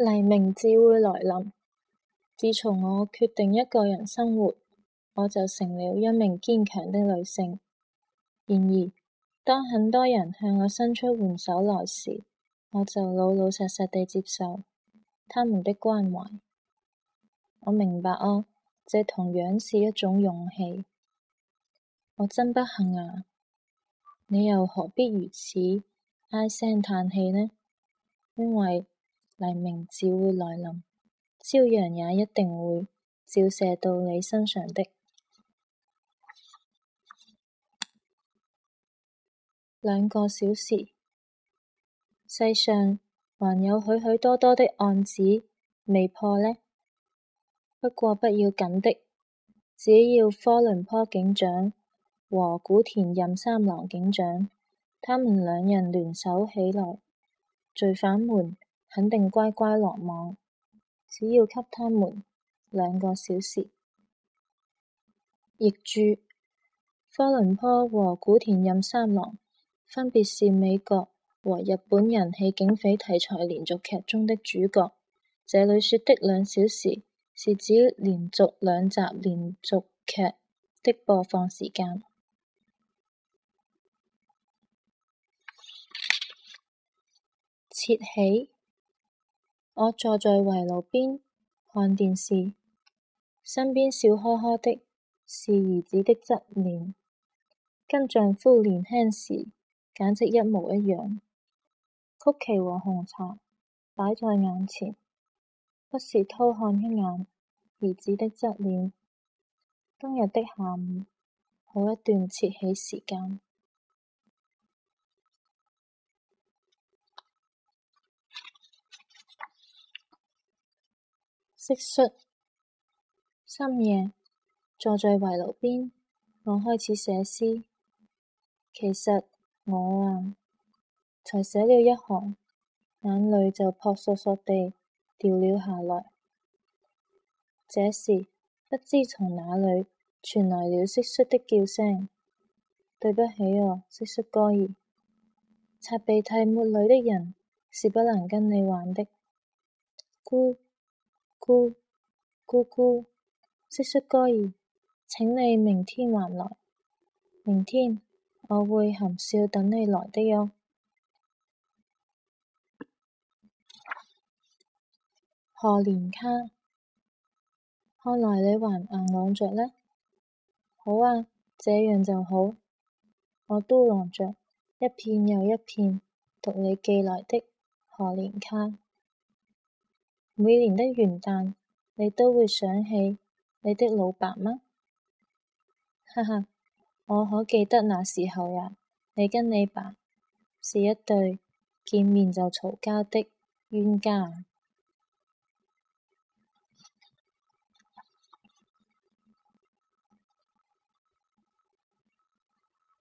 黎明自會來臨。自從我決定一個人生活，我就成了一名堅強的女性。然而，當很多人向我伸出援手來時，我就老老實實地接受他們的關懷。我明白哦，這同樣是一種勇氣。我真不幸啊！你又何必如此唉聲嘆氣呢？因為黎明自會來臨，朝陽也一定會照射到你身上的。兩個小時，世上還有許許多多的案子未破呢。不過不要緊的，只要科倫坡警長和古田任三郎警長，他們兩人聯手起來，罪犯們，肯定乖乖落網，只要給他們兩個小時。譯註，科倫坡和古田任三郎，分別是美國和日本人氣警匪題材連續劇中的主角。這裡說的兩小時，是指連續兩集連續劇的播放時間。切起。我坐在圍爐邊看電視，身邊笑呵呵的是兒子的側臉，跟丈夫年輕時簡直一模一樣。曲奇和紅茶擺在眼前，不時偷看一眼兒子的側臉。冬日的下午，好一段竊喜時間。蟋蟀深夜坐在圍爐邊，我開始寫詩。其實我啊，才寫了一行，眼淚就撲簌簌地掉了下來。這時，不知從哪裏傳來了蟋蟀的叫聲。對不起哦、啊，蟋蟀哥兒，擦鼻涕抹淚的人是不能跟你玩的。姑。姑姑姑，蟋蟀哥兒，請你明天還來，明天我會含笑等你來的哦。賀年卡，看來你還硬朗着呢。好啊，這樣就好。我都囔着，一遍又一遍，讀你寄來的賀年卡。每年的元旦，你都會想起你的老伯嗎？哈哈，我可記得那時候呀、啊，你跟你爸是一對見面就吵架的冤家啊！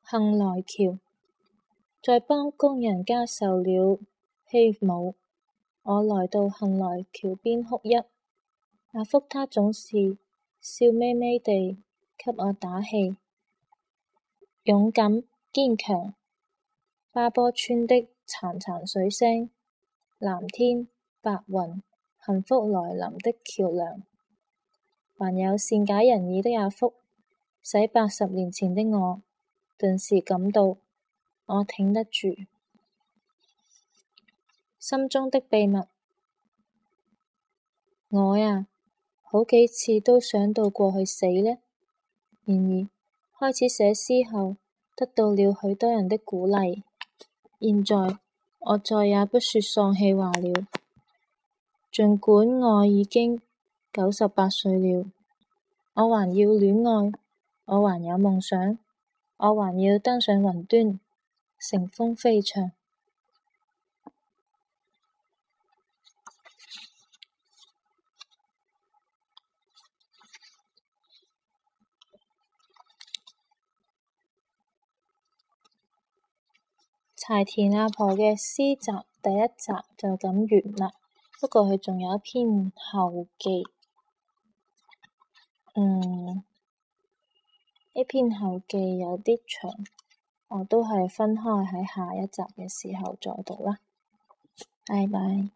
幸來橋在幫工人家受了欺侮。我來到幸來橋邊哭泣。阿福，他總是笑眯眯地給我打氣，勇敢堅強。花波村的潺潺水聲，藍天白雲，幸福來臨的橋樑，還有善解人意的阿福，使八十年前的我頓時感到我挺得住。心中的秘密，我呀，好幾次都想到過去死呢。然而，開始寫詩後得到了許多人的鼓勵，現在，我再也不說喪氣話了。盡管我已經九十八歲了，我還要戀愛，我還有夢想，我還要登上雲端，乘風飛翔。柴田阿婆嘅詩集第一集就咁完啦。不過佢仲有一篇後記，嗯，呢篇後記有啲長，我都係分開喺下一集嘅時候再讀啦。拜拜。